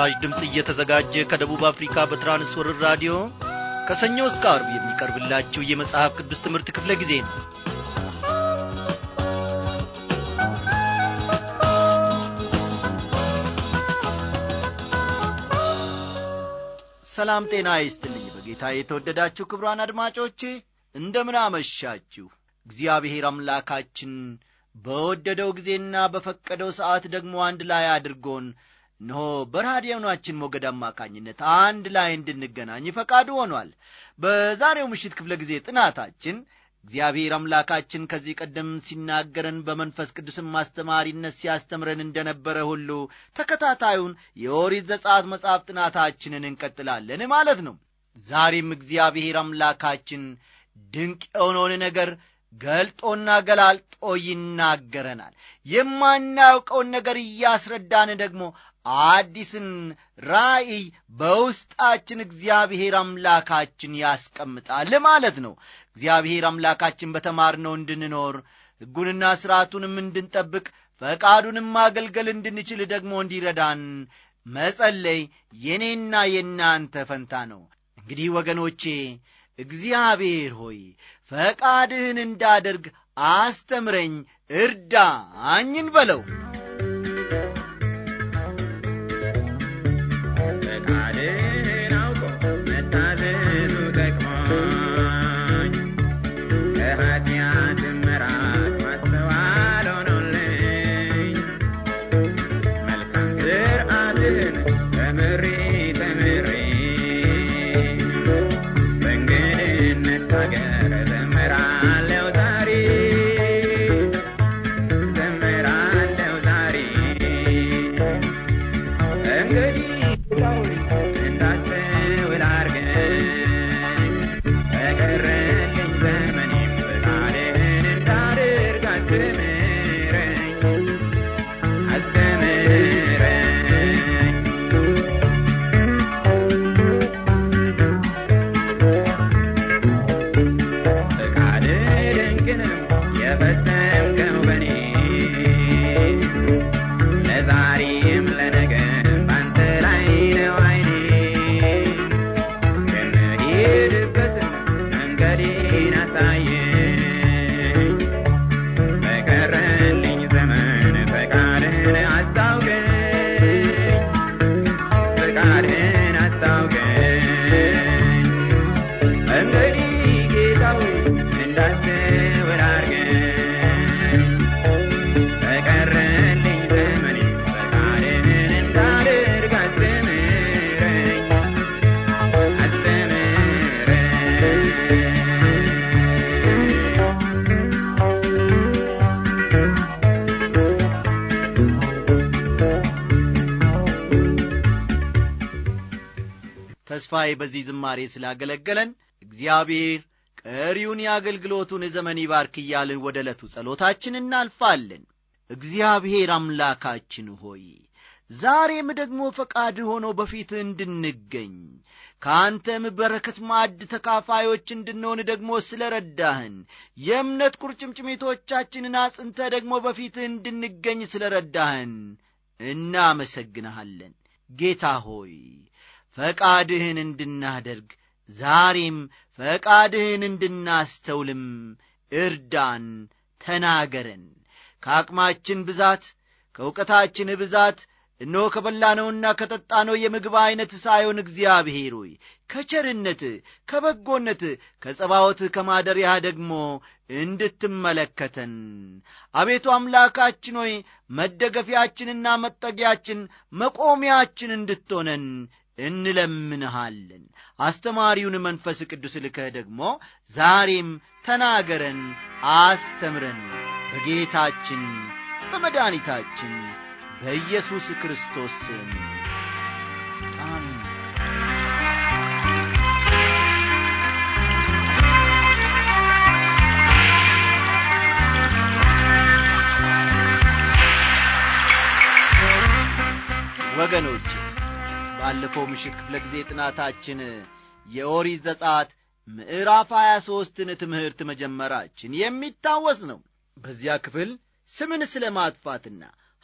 ለምስራች ድምፅ እየተዘጋጀ ከደቡብ አፍሪካ በትራንስወርር ራዲዮ ከሰኞ እስከ አርብ የሚቀርብላችሁ የመጽሐፍ ቅዱስ ትምህርት ክፍለ ጊዜ ነው ሰላም ጤና ይስጥልኝ በጌታ የተወደዳችሁ ክብሯን አድማጮቼ እንደምን አመሻችሁ እግዚአብሔር አምላካችን በወደደው ጊዜና በፈቀደው ሰዓት ደግሞ አንድ ላይ አድርጎን እነሆ በራዲዮናችን ሞገድ አማካኝነት አንድ ላይ እንድንገናኝ ፈቃዱ ሆኗል። በዛሬው ምሽት ክፍለ ጊዜ ጥናታችን እግዚአብሔር አምላካችን ከዚህ ቀደም ሲናገረን በመንፈስ ቅዱስም ማስተማሪነት ሲያስተምረን እንደነበረ ሁሉ ተከታታዩን የኦሪት ዘጸአት መጽሐፍ ጥናታችንን እንቀጥላለን ማለት ነው። ዛሬም እግዚአብሔር አምላካችን ድንቅ የሆነውን ነገር ገልጦና ገላልጦ ይናገረናል። የማናውቀውን ነገር እያስረዳን ደግሞ አዲስን ራእይ በውስጣችን እግዚአብሔር አምላካችን ያስቀምጣል ማለት ነው። እግዚአብሔር አምላካችን በተማርነው እንድንኖር ሕጉንና ሥርዓቱንም እንድንጠብቅ ፈቃዱንም ማገልገል እንድንችል ደግሞ እንዲረዳን መጸለይ የኔና የእናንተ ፈንታ ነው። እንግዲህ ወገኖቼ እግዚአብሔር ሆይ ፈቃድህን እንዳደርግ አስተምረኝ፣ እርዳ አኝን በለው። ፈቃድህን አውቆ መታዘዙ ጠቅሞኝ ላይ በዚህ ዝማሬ ስላገለገለን እግዚአብሔር ቀሪውን የአገልግሎቱን ዘመን ይባርክ እያልን ወደ ዕለቱ ጸሎታችን እናልፋለን። እግዚአብሔር አምላካችን ሆይ ዛሬም ደግሞ ፈቃድ ሆኖ በፊት እንድንገኝ ከአንተም በረከት ማዕድ ተካፋዮች እንድንሆን ደግሞ ስለ ረዳህን የእምነት ቁርጭምጭሚቶቻችንን አጽንተ ደግሞ በፊት እንድንገኝ ስለ ረዳህን እናመሰግንሃለን። ጌታ ሆይ ፈቃድህን እንድናደርግ ዛሬም ፈቃድህን እንድናስተውልም እርዳን፣ ተናገረን። ከአቅማችን ብዛት ከእውቀታችን ብዛት እነሆ ከበላነውና ከጠጣነው የምግብ ዐይነት ሳይሆን እግዚአብሔር ሆይ ከቸርነት ከበጎነት ከጸባወት ከማደሪያ ደግሞ እንድትመለከተን አቤቱ አምላካችን ሆይ መደገፊያችንና መጠጊያችን መቆሚያችን እንድትሆነን እንለምንሃለን። አስተማሪውን መንፈስ ቅዱስ ልከህ ደግሞ ዛሬም ተናገረን፣ አስተምረን በጌታችን በመድኃኒታችን በኢየሱስ ክርስቶስ ስም አሜን። ወገኖች ባለፈው ምሽት ክፍለ ጊዜ ጥናታችን የኦሪት ዘጸአት ምዕራፍ 23 ሦስትን ትምህርት መጀመራችን የሚታወስ ነው። በዚያ ክፍል ስምን ስለ ማጥፋትና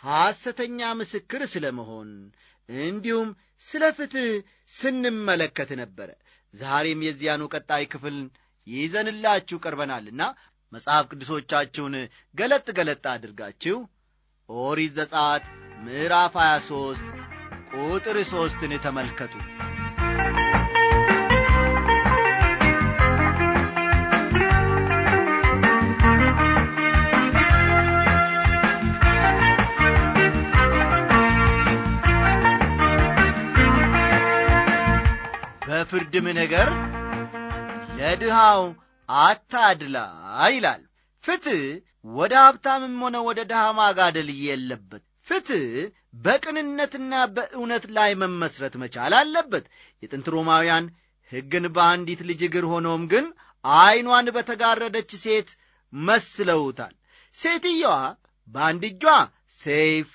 ሐሰተኛ ምስክር ስለ መሆን እንዲሁም ስለ ፍትሕ ስንመለከት ነበረ። ዛሬም የዚያኑ ቀጣይ ክፍል ይዘንላችሁ ቀርበናልና መጽሐፍ ቅዱሶቻችሁን ገለጥ ገለጥ አድርጋችሁ ኦሪት ዘጸአት ምዕራፍ 23 ቁጥር ሦስትን ተመልከቱ በፍርድም ነገር ለድሃው አታድላ ይላል ፍትሕ ወደ ሀብታምም ሆነ ወደ ድሃ ማጋደል የለበት ፍትሕ በቅንነትና በእውነት ላይ መመስረት መቻል አለበት። የጥንት ሮማውያን ሕግን በአንዲት ልጅ እግር ሆኖም ግን ዐይኗን በተጋረደች ሴት መስለውታል። ሴትየዋ በአንድ እጇ ሰይፍ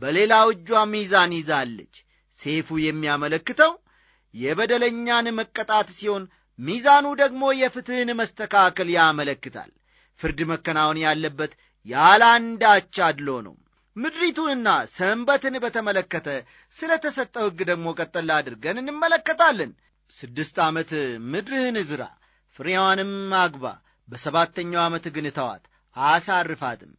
በሌላው እጇ ሚዛን ይዛለች። ሰይፉ የሚያመለክተው የበደለኛን መቀጣት ሲሆን፣ ሚዛኑ ደግሞ የፍትሕን መስተካከል ያመለክታል። ፍርድ መከናወን ያለበት ያለ አንዳች አድሎ ነው። ምድሪቱንና ሰንበትን በተመለከተ ስለ ተሰጠው ሕግ ደግሞ ቀጠላ አድርገን እንመለከታለን። ስድስት ዓመት ምድርህን ዝራ፣ ፍሬዋንም አግባ፣ በሰባተኛው ዓመት ግን እተዋት አሳርፋትም።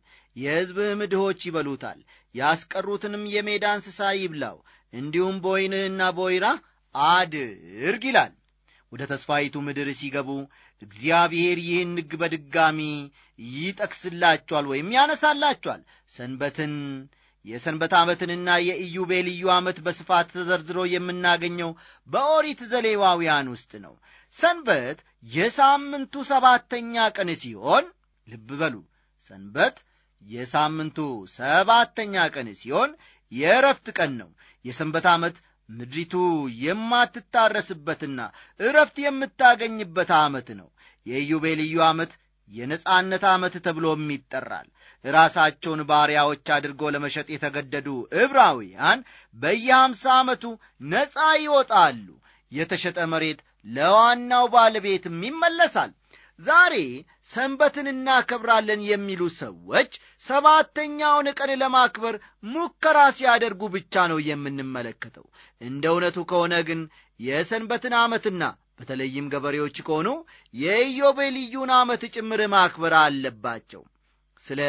የሕዝብህም ድሆች ይበሉታል፣ ያስቀሩትንም የሜዳ እንስሳ ይብላው፣ እንዲሁም በወይንህና በወይራ አድርግ ይላል። ወደ ተስፋዪቱ ምድር ሲገቡ እግዚአብሔር ይህን ሕግ በድጋሚ ይጠቅስላችኋል ወይም ያነሳላችኋል። ሰንበትን የሰንበት ዓመትንና የኢዮቤልዩ ዓመት በስፋት ተዘርዝሮ የምናገኘው በኦሪት ዘሌዋውያን ውስጥ ነው። ሰንበት የሳምንቱ ሰባተኛ ቀን ሲሆን ልብ በሉ፣ ሰንበት የሳምንቱ ሰባተኛ ቀን ሲሆን የእረፍት ቀን ነው። የሰንበት ዓመት ምድሪቱ የማትታረስበትና እረፍት የምታገኝበት ዓመት ነው። የኢዮቤልዩ ዓመት የነጻነት ዓመት ተብሎም ይጠራል። ራሳቸውን ባሪያዎች አድርጎ ለመሸጥ የተገደዱ ዕብራውያን በየአምሳ ዓመቱ ነፃ ይወጣሉ። የተሸጠ መሬት ለዋናው ባለቤትም ይመለሳል። ዛሬ ሰንበትን እናከብራለን የሚሉ ሰዎች ሰባተኛውን ቀን ለማክበር ሙከራ ሲያደርጉ ብቻ ነው የምንመለከተው። እንደ እውነቱ ከሆነ ግን የሰንበትን ዓመትና በተለይም ገበሬዎች ከሆኑ የኢዮቤልዩን ዓመት ጭምር ማክበር አለባቸው። ስለ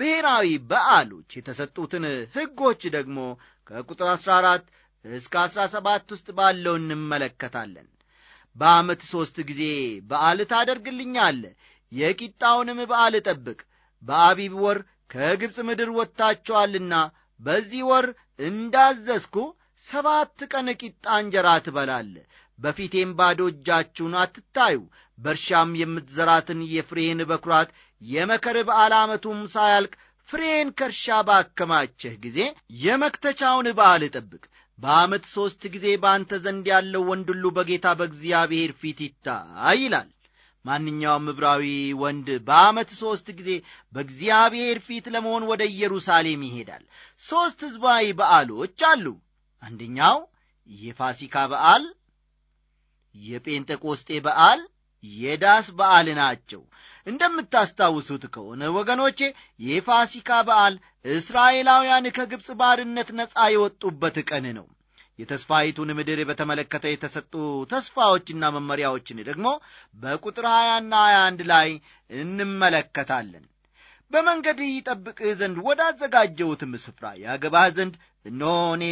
ብሔራዊ በዓሎች የተሰጡትን ሕጎች ደግሞ ከቁጥር 14 እስከ 17 ውስጥ ባለው እንመለከታለን። በዓመት ሦስት ጊዜ በዓል ታደርግልኛለ፣ የቂጣውንም በዓል ጠብቅ፣ በአቢብ ወር ከግብፅ ምድር ወጥታችኋልና በዚህ ወር እንዳዘዝኩ ሰባት ቀን ቂጣ እንጀራ ትበላለ በፊቴም ባዶ እጃችሁን አትታዩ። በእርሻም የምትዘራትን የፍሬህን በኩራት የመከር በዓል ዓመቱም ሳያልቅ ፍሬን ከእርሻ ባከማቸህ ጊዜ የመክተቻውን በዓል እጠብቅ። በዓመት ሦስት ጊዜ በአንተ ዘንድ ያለው ወንድ ሁሉ በጌታ በእግዚአብሔር ፊት ይታይ ይላል። ማንኛውም ዕብራዊ ወንድ በዓመት ሦስት ጊዜ በእግዚአብሔር ፊት ለመሆን ወደ ኢየሩሳሌም ይሄዳል። ሦስት ሕዝባዊ በዓሎች አሉ። አንደኛው የፋሲካ በዓል የጴንጠቆስጤ በዓል የዳስ በዓል ናቸው። እንደምታስታውሱት ከሆነ ወገኖቼ የፋሲካ በዓል እስራኤላውያን ከግብፅ ባርነት ነፃ የወጡበት ቀን ነው። የተስፋዪቱን ምድር በተመለከተ የተሰጡ ተስፋዎችና መመሪያዎችን ደግሞ በቁጥር 20ና 21 ላይ እንመለከታለን። በመንገድ ይጠብቅህ ዘንድ ወዳዘጋጀውትም ስፍራ ያገባህ ዘንድ እኖኔ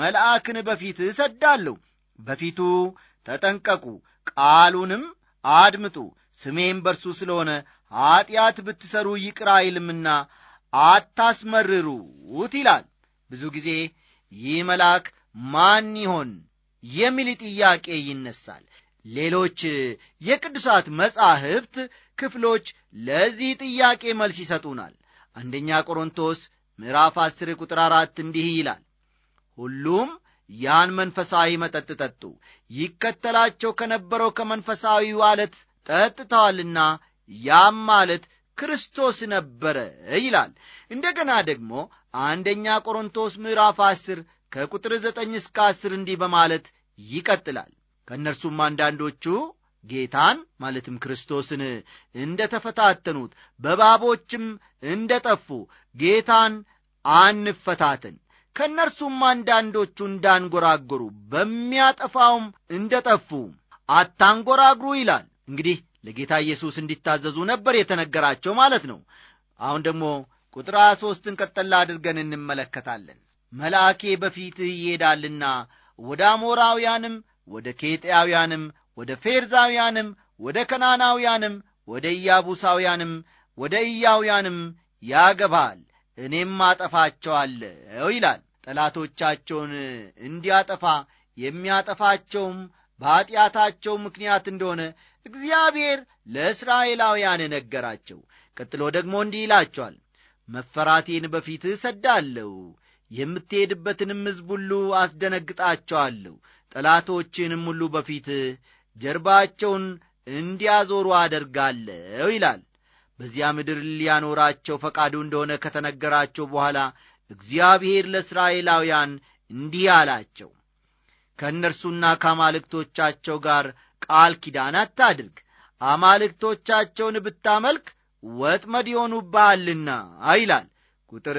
መልአክን በፊት እሰዳለሁ፣ በፊቱ ተጠንቀቁ፣ ቃሉንም አድምጡ፣ ስሜም በርሱ ስለሆነ ኀጢአት ብትሠሩ ይቅር አይልምና አታስመርሩት ይላል። ብዙ ጊዜ ይህ መልአክ ማን ይሆን የሚል ጥያቄ ይነሳል። ሌሎች የቅዱሳት መጻሕፍት ክፍሎች ለዚህ ጥያቄ መልስ ይሰጡናል። አንደኛ ቆሮንቶስ ምዕራፍ 10 ቁጥር 4 እንዲህ ይላል ሁሉም ያን መንፈሳዊ መጠጥ ጠጡ። ይከተላቸው ከነበረው ከመንፈሳዊ አለት ጠጥተዋልና ያም ማለት ክርስቶስ ነበረ ይላል። እንደገና ደግሞ አንደኛ ቆሮንቶስ ምዕራፍ ዐሥር ከቁጥር ዘጠኝ እስከ ዐሥር እንዲህ በማለት ይቀጥላል። ከእነርሱም አንዳንዶቹ ጌታን ማለትም ክርስቶስን እንደ ተፈታተኑት በባቦችም እንደ ጠፉ ጌታን አንፈታተን ከእነርሱም አንዳንዶቹ እንዳንጎራጎሩ በሚያጠፋውም እንደ ጠፉ አታንጎራጉሩ ይላል። እንግዲህ ለጌታ ኢየሱስ እንዲታዘዙ ነበር የተነገራቸው ማለት ነው። አሁን ደግሞ ቁጥር ሃያ ሦስትን ቀጠላ አድርገን እንመለከታለን። መልአኬ በፊት ይሄዳልና ወደ አሞራውያንም ወደ ኬጥያውያንም ወደ ፌርዛውያንም ወደ ከናናውያንም ወደ ኢያቡሳውያንም ወደ ኢያውያንም ያገባል፣ እኔም አጠፋቸዋለሁ ይላል። ጠላቶቻቸውን እንዲያጠፋ የሚያጠፋቸውም በኀጢአታቸው ምክንያት እንደሆነ እግዚአብሔር ለእስራኤላውያን ነገራቸው። ቀጥሎ ደግሞ እንዲህ ይላቸዋል፣ መፈራቴን በፊትህ እሰዳለሁ፣ የምትሄድበትንም ሕዝብ ሁሉ አስደነግጣቸዋለሁ፣ ጠላቶችንም ሁሉ በፊትህ ጀርባቸውን እንዲያዞሩ አደርጋለሁ ይላል። በዚያ ምድር ሊያኖራቸው ፈቃዱ እንደሆነ ከተነገራቸው በኋላ እግዚአብሔር ለእስራኤላውያን እንዲህ አላቸው ከእነርሱና ከአማልክቶቻቸው ጋር ቃል ኪዳን አታድርግ አማልክቶቻቸውን ብታመልክ ወጥመድ ይሆኑብሃልና ይላል ቁጥር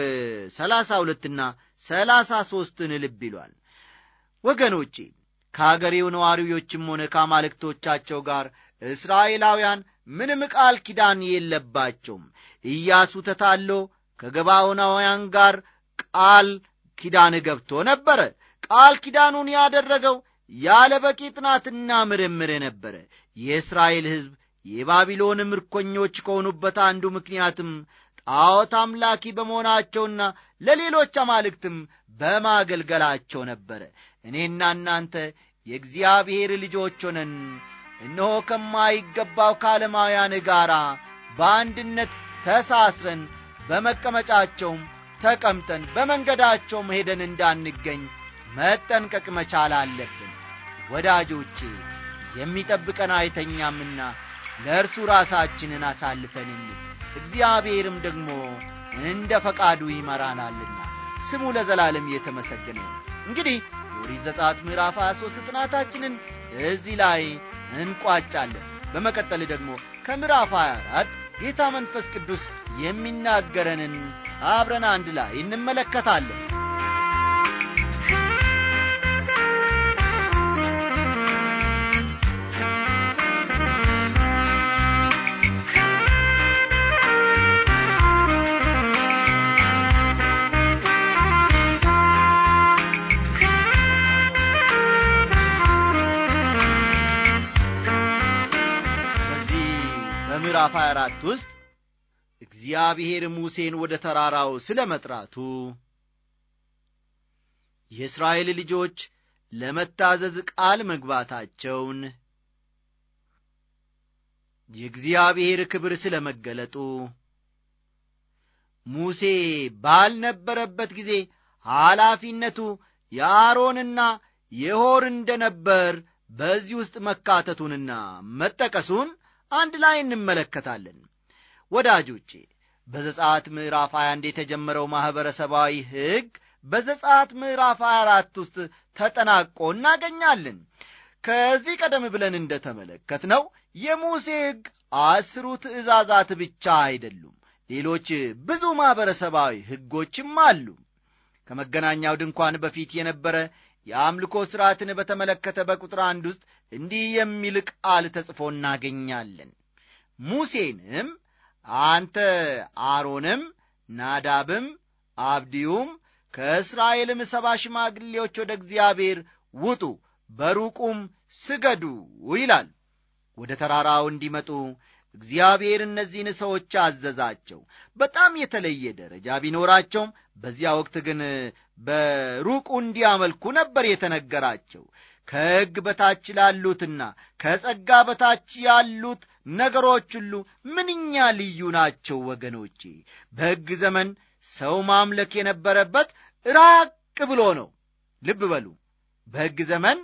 ሰላሳ ሁለትና ሰላሳ ሦስትን ልብ ይሏል ወገኖቼ ከአገሬው ነዋሪዎችም ሆነ ከአማልክቶቻቸው ጋር እስራኤላውያን ምንም ቃል ኪዳን የለባቸውም ኢያሱ ተታሎ ከገባውናውያን ጋር ቃል ኪዳን ገብቶ ነበረ። ቃል ኪዳኑን ያደረገው ያለ በቂ ጥናትና ምርምር ነበረ። የእስራኤል ሕዝብ የባቢሎን ምርኮኞች ከሆኑበት አንዱ ምክንያትም ጣዖት አምላኪ በመሆናቸውና ለሌሎች አማልክትም በማገልገላቸው ነበረ። እኔና እናንተ የእግዚአብሔር ልጆች ሆነን እነሆ ከማይገባው ከዓለማውያን ጋር በአንድነት ተሳስረን በመቀመጫቸውም ተቀምጠን በመንገዳቸው መሄደን እንዳንገኝ መጠንቀቅ መቻል አለብን። ወዳጆቼ የሚጠብቀን አይተኛምና ለእርሱ ራሳችንን አሳልፈን እንስ እግዚአብሔርም ደግሞ እንደ ፈቃዱ ይመራናልና ስሙ ለዘላለም እየተመሰገነ እንግዲህ የኦሪት ዘጻት ምዕራፍ 23 ጥናታችንን እዚህ ላይ እንቋጫለን። በመቀጠል ደግሞ ከምዕራፍ 24 ጌታ መንፈስ ቅዱስ የሚናገረንን አብረን አንድ ላይ እንመለከታለን። በዚህ 24 ውስጥ እግዚአብሔር ሙሴን ወደ ተራራው ስለ መጥራቱ የእስራኤል ልጆች ለመታዘዝ ቃል መግባታቸውን የእግዚአብሔር ክብር ስለ መገለጡ ሙሴ ባልነበረበት ጊዜ ኃላፊነቱ የአሮንና የሆር እንደ ነበር በዚህ ውስጥ መካተቱንና መጠቀሱን አንድ ላይ እንመለከታለን ወዳጆቼ በዘጻት ምዕራፍ 21 የተጀመረው ማኅበረሰባዊ ሕግ በዘጻት ምዕራፍ 24 ውስጥ ተጠናቆ እናገኛለን። ከዚህ ቀደም ብለን እንደተመለከትነው የሙሴ ሕግ አስሩ ትእዛዛት ብቻ አይደሉም። ሌሎች ብዙ ማኅበረሰባዊ ሕጎችም አሉ። ከመገናኛው ድንኳን በፊት የነበረ የአምልኮ ሥርዓትን በተመለከተ በቁጥር አንድ ውስጥ እንዲህ የሚል ቃል ተጽፎ እናገኛለን። ሙሴንም አንተ አሮንም ናዳብም አብዲዩም ከእስራኤልም ሰባ ሽማግሌዎች ወደ እግዚአብሔር ውጡ፣ በሩቁም ስገዱ ይላል። ወደ ተራራው እንዲመጡ እግዚአብሔር እነዚህን ሰዎች አዘዛቸው። በጣም የተለየ ደረጃ ቢኖራቸውም በዚያ ወቅት ግን በሩቁ እንዲያመልኩ ነበር የተነገራቸው። ከሕግ በታች ላሉትና ከጸጋ በታች ያሉት ነገሮች ሁሉ ምንኛ ልዩ ናቸው ወገኖቼ በሕግ ዘመን ሰው ማምለክ የነበረበት ራቅ ብሎ ነው ልብ በሉ በሕግ ዘመን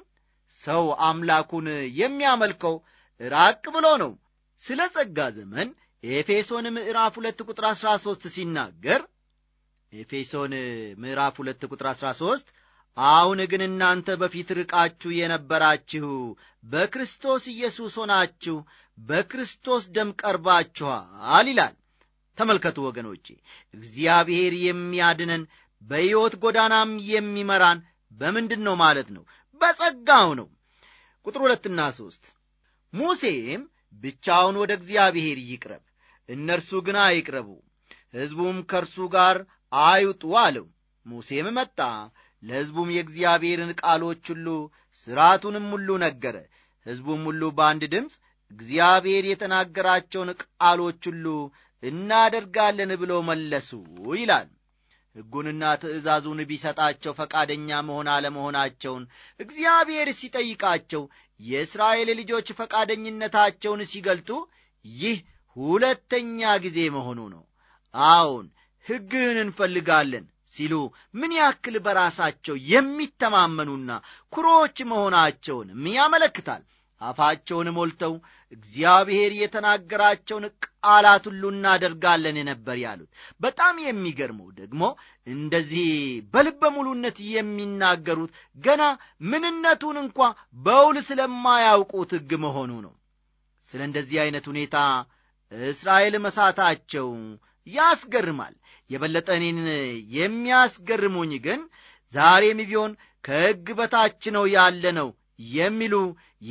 ሰው አምላኩን የሚያመልከው ራቅ ብሎ ነው ስለ ጸጋ ዘመን ኤፌሶን ምዕራፍ 2 ቁጥር 13 ሲናገር ኤፌሶን ምዕራፍ 2 ቁጥር 13 አሁን ግን እናንተ በፊት ርቃችሁ የነበራችሁ በክርስቶስ ኢየሱስ ሆናችሁ በክርስቶስ ደም ቀርባችኋል ይላል። ተመልከቱ ወገኖቼ፣ እግዚአብሔር የሚያድነን በሕይወት ጎዳናም የሚመራን በምንድን ነው ማለት ነው? በጸጋው ነው። ቁጥር ሁለትና ሦስት ሙሴም ብቻውን ወደ እግዚአብሔር ይቅረብ፣ እነርሱ ግን አይቅረቡ፣ ሕዝቡም ከእርሱ ጋር አይውጡ አለው። ሙሴም መጣ ለሕዝቡም የእግዚአብሔርን ቃሎች ሁሉ ሥርዓቱንም ሁሉ ነገረ። ሕዝቡም ሁሉ በአንድ ድምፅ እግዚአብሔር የተናገራቸውን ቃሎች ሁሉ እናደርጋለን ብለው መለሱ ይላል። ሕጉንና ትእዛዙን ቢሰጣቸው ፈቃደኛ መሆን አለመሆናቸውን እግዚአብሔር ሲጠይቃቸው የእስራኤል ልጆች ፈቃደኝነታቸውን ሲገልጡ ይህ ሁለተኛ ጊዜ መሆኑ ነው። አዎን ሕግህን እንፈልጋለን ሲሉ ምን ያክል በራሳቸው የሚተማመኑና ኩሮች መሆናቸውንም ያመለክታል። አፋቸውን ሞልተው እግዚአብሔር የተናገራቸውን ቃላት ሁሉ እናደርጋለን ነበር ያሉት። በጣም የሚገርመው ደግሞ እንደዚህ በልበ ሙሉነት የሚናገሩት ገና ምንነቱን እንኳ በውል ስለማያውቁት ሕግ መሆኑ ነው። ስለ እንደዚህ ዐይነት ሁኔታ እስራኤል መሳታቸው ያስገርማል። የበለጠ እኔን የሚያስገርሙኝ ግን ዛሬም ቢሆን ከሕግ በታች ነው ያለነው የሚሉ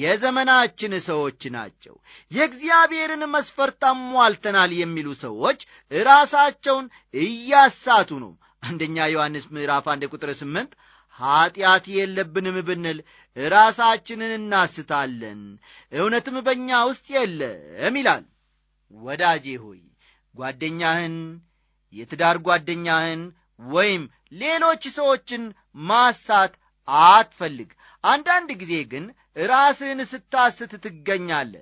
የዘመናችን ሰዎች ናቸው። የእግዚአብሔርን መስፈርት አሟልተናል የሚሉ ሰዎች ራሳቸውን እያሳቱ ነው። አንደኛ ዮሐንስ ምዕራፍ አንድ ቁጥር ስምንት ኀጢአት የለብንም ብንል ራሳችንን እናስታለን፣ እውነትም በእኛ ውስጥ የለም ይላል። ወዳጄ ሆይ ጓደኛህን የትዳር ጓደኛህን ወይም ሌሎች ሰዎችን ማሳት አትፈልግ። አንዳንድ ጊዜ ግን ራስህን ስታስት ትገኛለ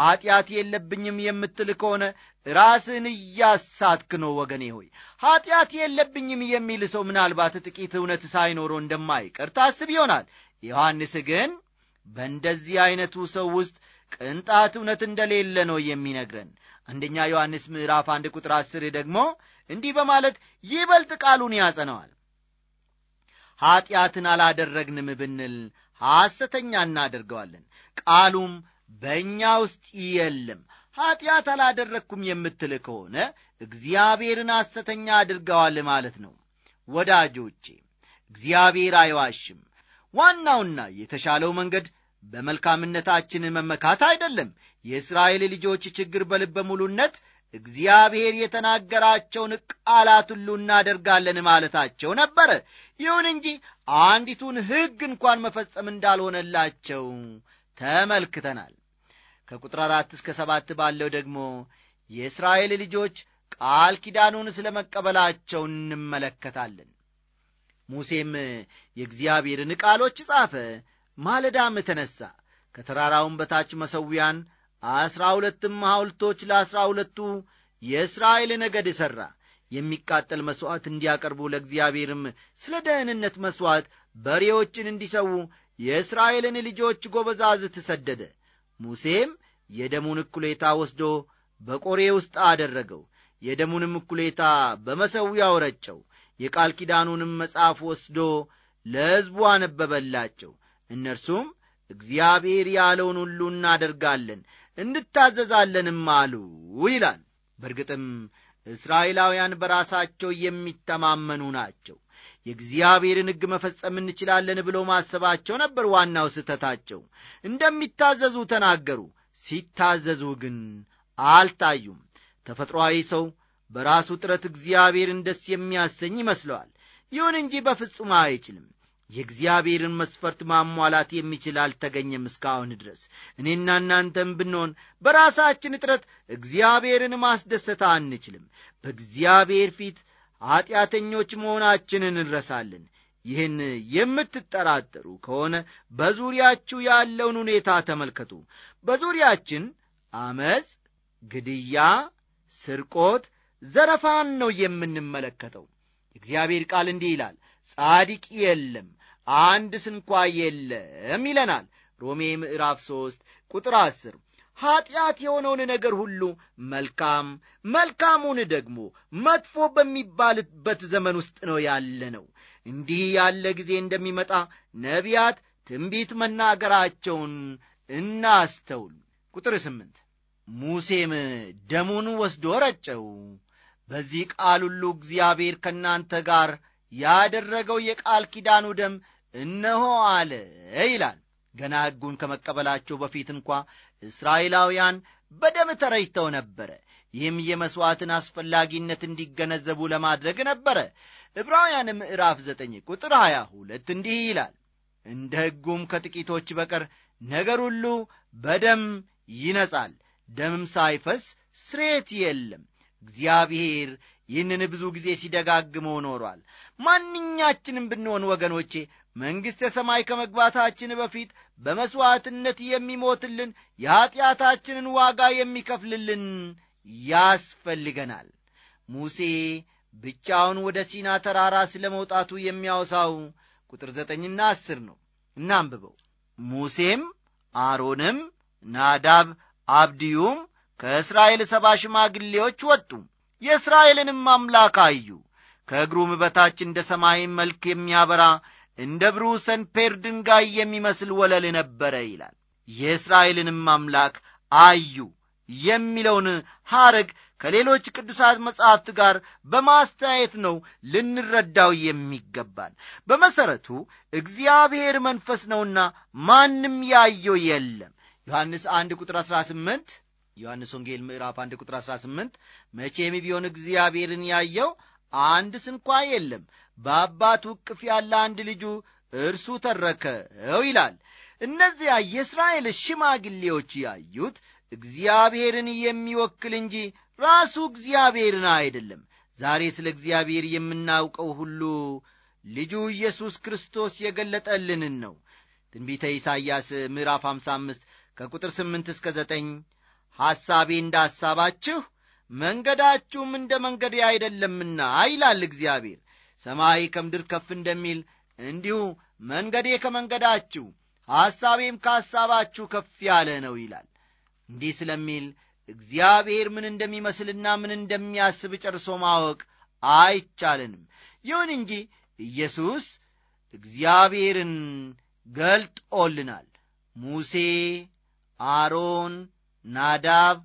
ኀጢአት የለብኝም የምትል ከሆነ ራስህን እያሳትክ ነው ወገኔ ሆይ። ኀጢአት የለብኝም የሚል ሰው ምናልባት ጥቂት እውነት ሳይኖረው እንደማይቀር ታስብ ይሆናል። ዮሐንስ ግን በእንደዚህ ዐይነቱ ሰው ውስጥ ቅንጣት እውነት እንደሌለ ነው የሚነግረን። አንደኛ ዮሐንስ ምዕራፍ አንድ ቁጥር አስር ደግሞ እንዲህ በማለት ይበልጥ ቃሉን ያጸነዋል። ኀጢአትን አላደረግንም ብንል ሐሰተኛ እናደርገዋለን፣ ቃሉም በእኛ ውስጥ የለም። ኀጢአት አላደረግኩም የምትል ከሆነ እግዚአብሔርን ሐሰተኛ አድርገዋል ማለት ነው። ወዳጆቼ እግዚአብሔር አይዋሽም። ዋናውና የተሻለው መንገድ በመልካምነታችን መመካት አይደለም። የእስራኤል ልጆች ችግር በልበ ሙሉነት እግዚአብሔር የተናገራቸውን ቃላት ሁሉ እናደርጋለን ማለታቸው ነበረ። ይሁን እንጂ አንዲቱን ሕግ እንኳን መፈጸም እንዳልሆነላቸው ተመልክተናል። ከቁጥር አራት እስከ ሰባት ባለው ደግሞ የእስራኤል ልጆች ቃል ኪዳኑን ስለ መቀበላቸው እንመለከታለን። ሙሴም የእግዚአብሔርን ቃሎች ጻፈ፣ ማለዳም ተነሣ፣ ከተራራውን በታች መሠዊያን አሥራ ሁለትም ሐውልቶች ለአሥራ ሁለቱ የእስራኤል ነገድ ሠራ። የሚቃጠል መሥዋዕት እንዲያቀርቡ ለእግዚአብሔርም ስለ ደህንነት መሥዋዕት በሬዎችን እንዲሰዉ የእስራኤልን ልጆች ጐበዛዝ ሰደደ። ሙሴም የደሙን እኩሌታ ወስዶ በቆሬ ውስጥ አደረገው። የደሙንም እኩሌታ በመሰዊ አውረጨው የቃል ኪዳኑንም መጽሐፍ ወስዶ ለሕዝቡ አነበበላቸው። እነርሱም እግዚአብሔር ያለውን ሁሉ እናደርጋለን እንታዘዛለንም አሉ ይላል። በእርግጥም እስራኤላውያን በራሳቸው የሚተማመኑ ናቸው። የእግዚአብሔርን ሕግ መፈጸም እንችላለን ብሎ ማሰባቸው ነበር ዋናው ስህተታቸው። እንደሚታዘዙ ተናገሩ፣ ሲታዘዙ ግን አልታዩም። ተፈጥሮዊ ሰው በራሱ ጥረት እግዚአብሔርን ደስ የሚያሰኝ ይመስለዋል። ይሁን እንጂ በፍጹም አይችልም። የእግዚአብሔርን መስፈርት ማሟላት የሚችል አልተገኘም እስካሁን ድረስ። እኔና እናንተም ብንሆን በራሳችን እጥረት እግዚአብሔርን ማስደሰት አንችልም። በእግዚአብሔር ፊት ኀጢአተኞች መሆናችንን እንረሳለን። ይህን የምትጠራጠሩ ከሆነ በዙሪያችሁ ያለውን ሁኔታ ተመልከቱ። በዙሪያችን አመፅ፣ ግድያ፣ ስርቆት፣ ዘረፋን ነው የምንመለከተው። የእግዚአብሔር ቃል እንዲህ ይላል፣ ጻድቅ የለም አንድ ስንኳ የለም ይለናል ሮሜ ምዕራፍ 3 ቁጥር 10 ኀጢአት የሆነውን ነገር ሁሉ መልካም መልካሙን ደግሞ መጥፎ በሚባልበት ዘመን ውስጥ ነው ያለ ነው እንዲህ ያለ ጊዜ እንደሚመጣ ነቢያት ትንቢት መናገራቸውን እናስተውል ቁጥር ስምንት ሙሴም ደሙን ወስዶ ረጨው በዚህ ቃል ሁሉ እግዚአብሔር ከእናንተ ጋር ያደረገው የቃል ኪዳኑ ደም እነሆ አለ ይላል። ገና ሕጉን ከመቀበላቸው በፊት እንኳ እስራኤላውያን በደም ተረጅተው ነበረ። ይህም የመሥዋዕትን አስፈላጊነት እንዲገነዘቡ ለማድረግ ነበረ። ዕብራውያን ምዕራፍ 9 ቁጥር 22 እንዲህ ይላል፣ እንደ ሕጉም ከጥቂቶች በቀር ነገር ሁሉ በደም ይነጻል፣ ደምም ሳይፈስ ስሬት የለም። እግዚአብሔር ይህንን ብዙ ጊዜ ሲደጋግመው ኖሯል። ማንኛችንም ብንሆን ወገኖቼ መንግሥተ ሰማይ ከመግባታችን በፊት በመሥዋዕትነት የሚሞትልን የኀጢአታችንን ዋጋ የሚከፍልልን ያስፈልገናል። ሙሴ ብቻውን ወደ ሲና ተራራ ስለ መውጣቱ የሚያወሳው ቁጥር ዘጠኝና አስር ነው። እናንብበው። ሙሴም አሮንም ናዳብ አብድዩም ከእስራኤል ሰባ ሽማግሌዎች ወጡም የእስራኤልንም አምላክ አዩ። ከእግሩም በታች እንደ ሰማይ መልክ የሚያበራ እንደ ብሩህ ሰንፔር ድንጋይ የሚመስል ወለል ነበረ ይላል። የእስራኤልንም አምላክ አዩ የሚለውን ሐረግ ከሌሎች ቅዱሳት መጻሕፍት ጋር በማስተያየት ነው ልንረዳው የሚገባን። በመሠረቱ እግዚአብሔር መንፈስ ነውና ማንም ያየው የለም። ዮሐንስ 1 ቁጥር 18 ዮሐንስ ወንጌል ምዕራፍ 1 ቁጥር 18 መቼም ቢሆን እግዚአብሔርን ያየው አንድ ስንኳ የለም በአባቱ ዕቅፍ ያለ አንድ ልጁ እርሱ ተረከው ይላል እነዚያ የእስራኤል ሽማግሌዎች ያዩት እግዚአብሔርን የሚወክል እንጂ ራሱ እግዚአብሔርን አይደለም ዛሬ ስለ እግዚአብሔር የምናውቀው ሁሉ ልጁ ኢየሱስ ክርስቶስ የገለጠልንን ነው ትንቢተ ኢሳይያስ ምዕራፍ 55 ከቁጥር 8 እስከ 9 ሐሳቤ እንዳሳባችሁ መንገዳችሁም እንደ መንገዴ አይደለምና ይላል እግዚአብሔር። ሰማይ ከምድር ከፍ እንደሚል እንዲሁ መንገዴ ከመንገዳችሁ ሐሳቤም ከሐሳባችሁ ከፍ ያለ ነው ይላል። እንዲህ ስለሚል እግዚአብሔር ምን እንደሚመስልና ምን እንደሚያስብ ጨርሶ ማወቅ አይቻልንም። ይሁን እንጂ ኢየሱስ እግዚአብሔርን ገልጦልናል። ሙሴ፣ አሮን፣ ናዳብ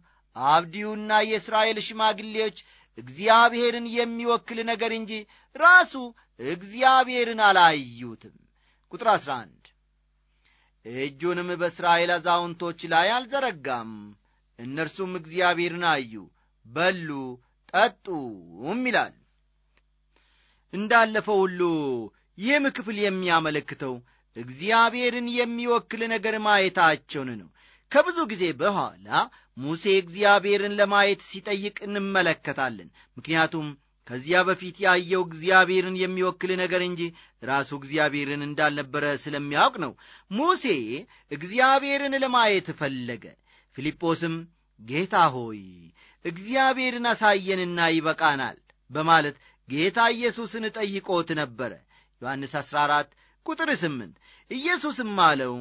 አብዲዩና የእስራኤል ሽማግሌዎች እግዚአብሔርን የሚወክል ነገር እንጂ ራሱ እግዚአብሔርን አላዩትም። ቁጥር 11 እጁንም በእስራኤል አዛውንቶች ላይ አልዘረጋም፣ እነርሱም እግዚአብሔርን አዩ፣ በሉ ጠጡም ይላል። እንዳለፈው ሁሉ ይህም ክፍል የሚያመለክተው እግዚአብሔርን የሚወክል ነገር ማየታቸውን ነው። ከብዙ ጊዜ በኋላ ሙሴ እግዚአብሔርን ለማየት ሲጠይቅ እንመለከታለን። ምክንያቱም ከዚያ በፊት ያየው እግዚአብሔርን የሚወክል ነገር እንጂ ራሱ እግዚአብሔርን እንዳልነበረ ስለሚያውቅ ነው። ሙሴ እግዚአብሔርን ለማየት ፈለገ። ፊልጶስም ጌታ ሆይ እግዚአብሔርን አሳየንና ይበቃናል በማለት ጌታ ኢየሱስን ጠይቆት ነበረ። ዮሐንስ 14 ቁጥር 8 ኢየሱስም አለው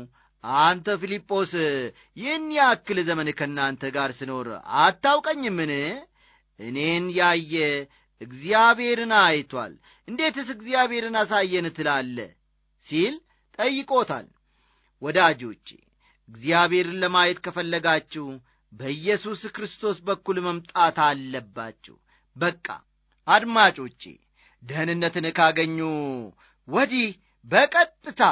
አንተ ፊልጶስ ይህን ያክል ዘመን ከእናንተ ጋር ስኖር አታውቀኝምን? እኔን ያየ እግዚአብሔርን አይቷል፣ እንዴትስ እግዚአብሔርን አሳየን ትላለ ሲል ጠይቆታል። ወዳጆቼ እግዚአብሔርን ለማየት ከፈለጋችሁ በኢየሱስ ክርስቶስ በኩል መምጣት አለባችሁ። በቃ አድማጮቼ ደህንነትን ካገኙ ወዲህ በቀጥታ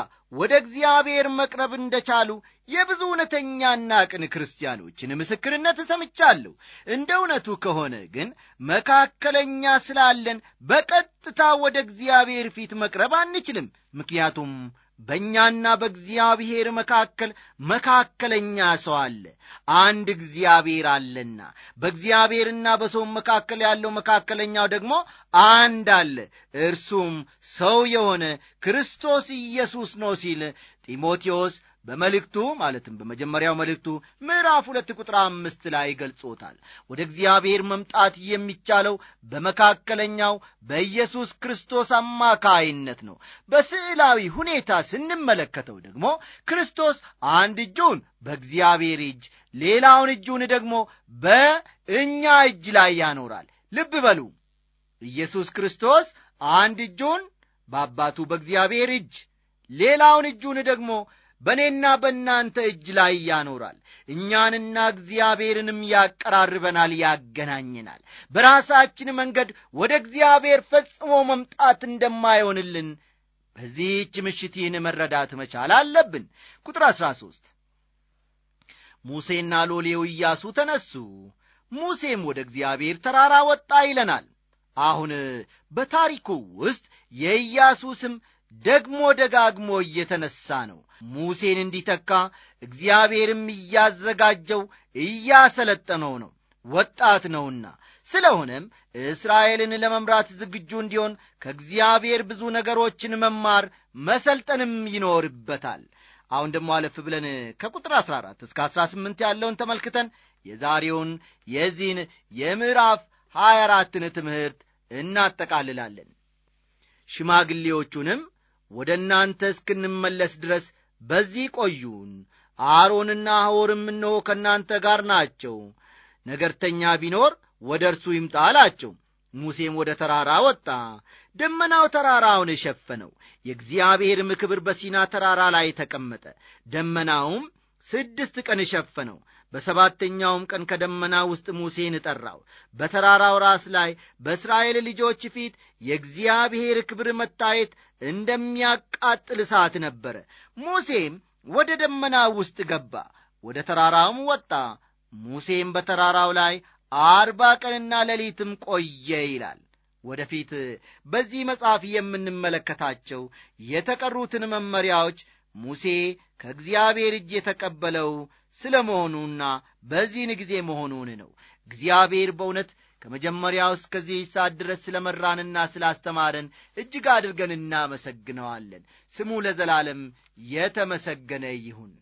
ወደ እግዚአብሔር መቅረብ እንደቻሉ የብዙ እውነተኛና ቅን ክርስቲያኖችን ምስክርነት እሰምቻለሁ። እንደ እውነቱ ከሆነ ግን መካከለኛ ስላለን በቀጥታ ወደ እግዚአብሔር ፊት መቅረብ አንችልም። ምክንያቱም በእኛና በእግዚአብሔር መካከል መካከለኛ ሰው አለ። አንድ እግዚአብሔር አለና በእግዚአብሔርና በሰውም መካከል ያለው መካከለኛው ደግሞ አንድ አለ፣ እርሱም ሰው የሆነ ክርስቶስ ኢየሱስ ነው ሲል ጢሞቴዎስ በመልእክቱ ማለትም በመጀመሪያው መልእክቱ ምዕራፍ ሁለት ቁጥር አምስት ላይ ገልጾታል። ወደ እግዚአብሔር መምጣት የሚቻለው በመካከለኛው በኢየሱስ ክርስቶስ አማካይነት ነው። በስዕላዊ ሁኔታ ስንመለከተው ደግሞ ክርስቶስ አንድ እጁን በእግዚአብሔር እጅ፣ ሌላውን እጁን ደግሞ በእኛ እጅ ላይ ያኖራል። ልብ በሉ ኢየሱስ ክርስቶስ አንድ እጁን በአባቱ በእግዚአብሔር እጅ፣ ሌላውን እጁን ደግሞ በእኔና በእናንተ እጅ ላይ ያኖራል። እኛንና እግዚአብሔርንም ያቀራርበናል፣ ያገናኘናል። በራሳችን መንገድ ወደ እግዚአብሔር ፈጽሞ መምጣት እንደማይሆንልን በዚህች ምሽት ይህን መረዳት መቻል አለብን። ቁጥር 13 ሙሴና ሎሌው እያሱ ተነሱ፣ ሙሴም ወደ እግዚአብሔር ተራራ ወጣ ይለናል። አሁን በታሪኩ ውስጥ የኢያሱ ስም ደግሞ ደጋግሞ እየተነሣ ነው። ሙሴን እንዲተካ እግዚአብሔርም እያዘጋጀው እያሰለጠነው ነው፣ ወጣት ነውና። ስለሆነም እስራኤልን ለመምራት ዝግጁ እንዲሆን ከእግዚአብሔር ብዙ ነገሮችን መማር መሰልጠንም ይኖርበታል። አሁን ደግሞ አለፍ ብለን ከቁጥር 14 እስከ 18 ያለውን ተመልክተን የዛሬውን የዚህን የምዕራፍ 24ን ትምህርት እናጠቃልላለን። ሽማግሌዎቹንም ወደ እናንተ እስክንመለስ ድረስ በዚህ ቆዩን። አሮንና ሖርም እነሆ ከእናንተ ጋር ናቸው፣ ነገርተኛ ቢኖር ወደ እርሱ ይምጣ አላቸው። ሙሴም ወደ ተራራ ወጣ፣ ደመናው ተራራውን የሸፈነው፣ የእግዚአብሔርም ክብር በሲና ተራራ ላይ ተቀመጠ። ደመናውም ስድስት ቀን የሸፈነው። በሰባተኛውም ቀን ከደመና ውስጥ ሙሴን ጠራው። በተራራው ራስ ላይ በእስራኤል ልጆች ፊት የእግዚአብሔር ክብር መታየት እንደሚያቃጥል እሳት ነበረ። ሙሴም ወደ ደመና ውስጥ ገባ፣ ወደ ተራራውም ወጣ። ሙሴም በተራራው ላይ አርባ ቀንና ሌሊትም ቆየ ይላል። ወደፊት በዚህ መጽሐፍ የምንመለከታቸው የተቀሩትን መመሪያዎች ሙሴ ከእግዚአብሔር እጅ የተቀበለው ስለ መሆኑና በዚህን ጊዜ መሆኑን ነው። እግዚአብሔር በእውነት ከመጀመሪያው እስከዚህ ሰዓት ድረስ ስለ መራንና ስላስተማረን እጅግ አድርገን እናመሰግነዋለን። ስሙ ለዘላለም የተመሰገነ ይሁን።